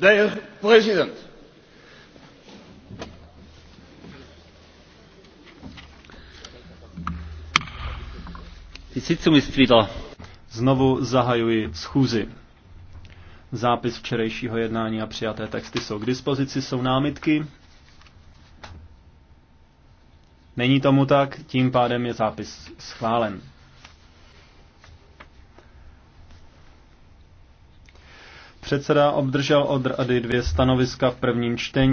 Dear President, Znovu zahajuji schůzi. Zápis včerejšího jednání a přijaté texty jsou k dispozici, jsou námitky. Není tomu tak, tím pádem je zápis schválen. Předseda obdržel od rady dvě stanoviska v prvním čtení.